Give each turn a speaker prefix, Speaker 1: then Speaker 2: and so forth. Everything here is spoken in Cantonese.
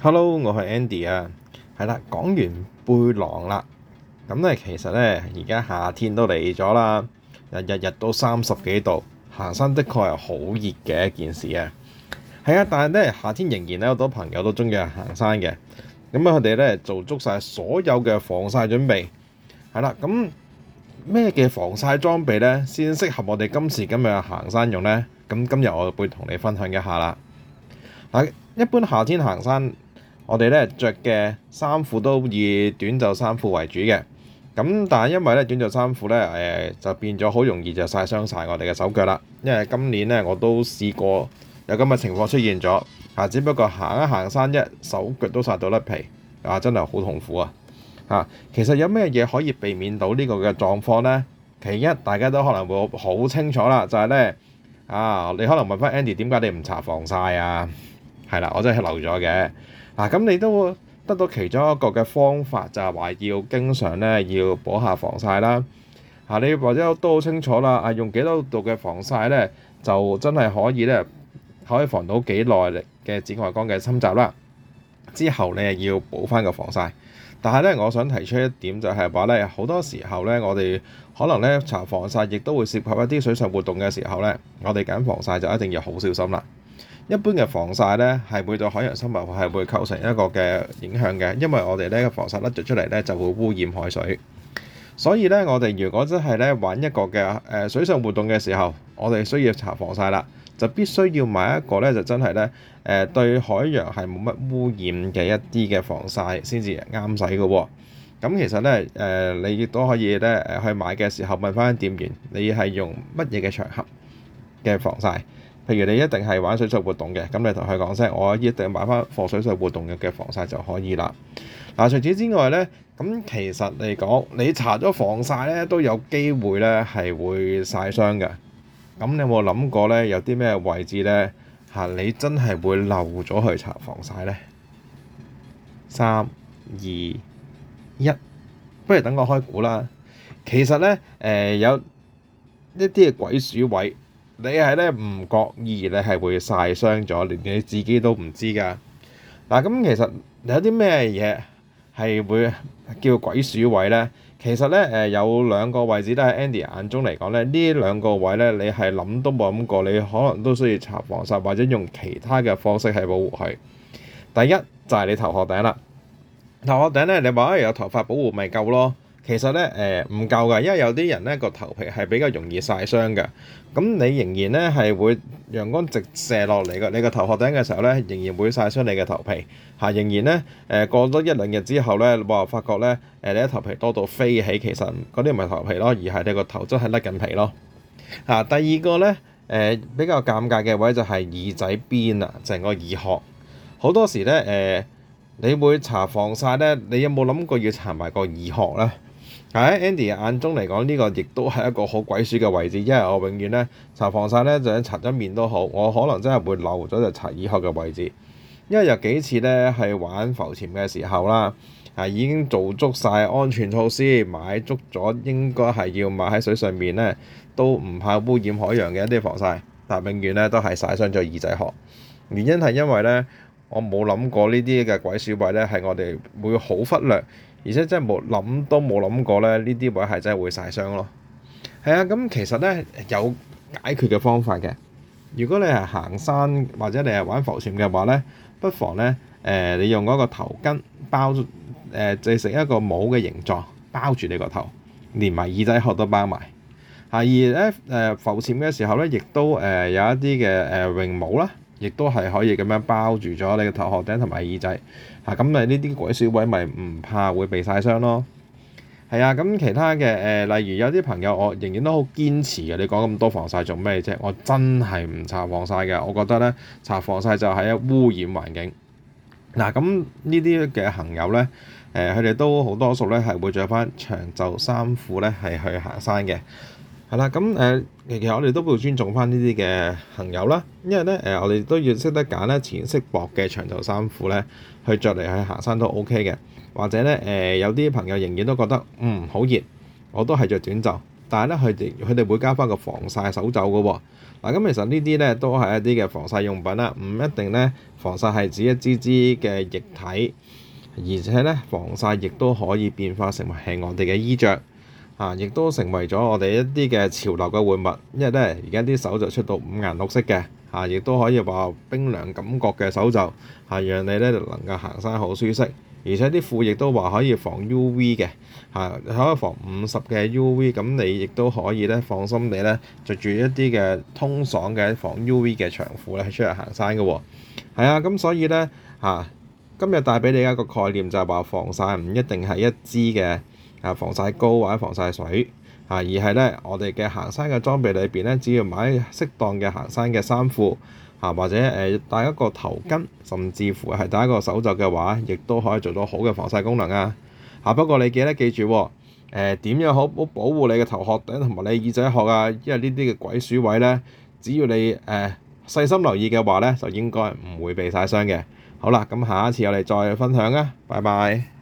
Speaker 1: Hello，我係 Andy 啊，係啦，講完背囊啦，咁、嗯、咧其實咧而家夏天都嚟咗啦，日日日都三十幾度，行山的確係好熱嘅一件事啊。係、嗯、啊，但係咧夏天仍然咧好多朋友都中意行山嘅，咁啊佢哋咧做足晒所有嘅防曬準備，係、嗯、啦，咁咩嘅防曬裝備咧先適合我哋今時今日行山用咧？咁、嗯、今日我會同你分享一下啦、嗯。一般夏天行山。我哋咧着嘅衫褲都以短袖衫褲為主嘅，咁但係因為咧短袖衫褲咧誒就變咗好容易就晒傷晒我哋嘅手腳啦。因為今年咧我都試過有咁嘅情況出現咗啊，只不過行一行山一，一手腳都晒到甩皮啊，真係好痛苦啊！嚇、啊，其實有咩嘢可以避免到呢個嘅狀況咧？其一大家都可能會好清楚啦，就係咧啊，你可能問翻 Andy 點解你唔搽防曬啊？係啦，我真係漏咗嘅。嗱，咁、啊、你都得到其中一個嘅方法，就係、是、話要經常咧要補下防曬啦。嚇、啊，你或者都好清楚啦。啊，用幾多度嘅防曬咧，就真係可以咧，可以防到幾耐嘅紫外光嘅侵襲啦。之後你係要補翻個防曬，但係咧，我想提出一點就係話咧，好多時候咧，我哋可能咧搽防曬，亦都會涉及一啲水上活動嘅時候咧，我哋揀防曬就一定要好小心啦。一般嘅防曬咧，係會對海洋生物係會構成一個嘅影響嘅，因為我哋呢個防曬甩咗出嚟咧就會污染海水。所以咧，我哋如果真係咧玩一個嘅誒水上活動嘅時候，我哋需要搽防曬啦，就必須要買一個咧就真係咧誒對海洋係冇乜污染嘅一啲嘅防曬先至啱使㗎喎。咁其實咧誒、呃，你亦都可以咧誒去買嘅時候問返店員，你係用乜嘢嘅場合嘅防曬？譬如你一定係玩水上活動嘅，咁你同佢講聲，我一定買翻防水上活動嘅嘅防曬就可以啦。嗱，除此之外咧，咁其實嚟講，你搽咗防曬咧，都有機會咧係會曬傷嘅。咁你有冇諗過咧，有啲咩位置咧嚇你真係會漏咗去搽防曬咧？三二一，不如等我開估啦。其實咧，誒、呃、有一啲嘅鬼鼠位。你係咧，唔覺意，你係會曬傷咗，連你自己都唔知㗎。嗱，咁其實有啲咩嘢係會叫鬼鼠位咧？其實咧，誒，有兩個位置都喺 Andy 眼中嚟講咧，呢兩個位咧，你係諗都冇諗過，你可能都需要搽防曬，或者用其他嘅方式去保護佢。第一就係你頭殼頂啦，頭殼頂咧，你話有頭髮保護咪夠咯？其實咧，誒唔夠嘅，因為有啲人咧個頭皮係比較容易曬傷嘅。咁你仍然咧係會陽光直射落嚟嘅，你個頭殼頂嘅時候咧、啊，仍然會曬傷你嘅頭皮。嚇，仍然咧，誒過咗一兩日之後咧，你會發覺咧，誒你嘅頭皮多到飛起。其實嗰啲唔係頭皮咯，而係你個頭真係甩緊皮咯。嚇、啊，第二個咧，誒、呃、比較尷尬嘅位就係耳仔邊啦，成、就、個、是、耳殼。好多時咧，誒、呃、你會搽防曬咧，你有冇諗過要搽埋個耳殼咧？喺 Andy 眼中嚟講，呢個亦都係一個好鬼鼠嘅位置，因為我永遠呢擦防曬呢，就算擦咗面都好，我可能真係會漏咗就擦耳殼嘅位置，因為有幾次呢係玩浮潛嘅時候啦，啊已經做足晒安全措施，買足咗應該係要買喺水上面呢，都唔怕污染海洋嘅一啲防曬，但永遠呢都係曬傷咗耳仔殼，原因係因為呢，我冇諗過呢啲嘅鬼鼠位呢係我哋會好忽略。而且真係冇諗都冇諗過咧，呢啲位係真係會曬傷咯。係啊，咁其實咧有解決嘅方法嘅。如果你係行山或者你係玩浮潛嘅話咧，不妨咧誒，你用嗰個頭巾包誒製成一個帽嘅形狀，包住你個頭，連埋耳仔殼都包埋。而咧誒浮潛嘅時候咧，亦都誒有一啲嘅誒泳帽啦。亦都係可以咁樣包住咗你嘅頭殼頂同埋耳仔，嚇咁咪呢啲鬼小鬼咪唔怕會被曬傷咯。係啊，咁其他嘅誒、呃，例如有啲朋友，我仍然都好堅持嘅。你講咁多防曬做咩啫？我真係唔搽防曬嘅。我覺得咧，搽防曬就係污染環境。嗱、啊，咁呢啲嘅朋友咧，誒佢哋都好多數咧係會着返長袖衫褲咧係去行山嘅。係啦，咁誒、嗯，其實我哋都會尊重翻呢啲嘅朋友啦，因為咧誒、呃，我哋都要識得揀咧淺色薄嘅長袖衫褲咧去着嚟去行山都 O K 嘅。或者咧誒、呃、有啲朋友仍然都覺得嗯好熱，我都係着短袖，但係咧佢哋佢哋會加翻個防曬手袖㗎喎。嗱、啊，咁其實呢啲咧都係一啲嘅防曬用品啦，唔一定咧防曬係指一支支嘅液體，而且咧防曬亦都可以變化成為係我哋嘅衣着。啊！亦都成為咗我哋一啲嘅潮流嘅玩物，因為咧而家啲手袖出到五顏六色嘅。啊！亦都可以話冰涼感覺嘅手袖，嚇讓你咧能夠行山好舒適，而且啲褲亦都話可以防 UV 嘅，嚇可以防五十嘅 UV，咁你亦都可以咧放心地咧著住一啲嘅通爽嘅防 UV 嘅長褲咧出嚟行山嘅喎。係啊，咁所以咧嚇今日帶俾你一個概念就係話防曬唔一定係一支嘅。啊，防曬膏或者防曬水，嚇、啊，而係咧，我哋嘅行山嘅裝備裏邊咧，只要買適當嘅行山嘅衫褲，嚇、啊，或者誒、呃、戴一個頭巾，甚至乎係戴一個手袖嘅話，亦都可以做到好嘅防曬功能啊！嚇、啊，不過你記得記住，誒、哦、點、呃、樣好好保護你嘅頭殼頂同埋你耳仔殼啊，因為呢啲嘅鬼鼠位咧，只要你誒細、呃、心留意嘅話咧，就應該唔會被曬傷嘅。好啦，咁下一次我哋再分享啊，拜拜。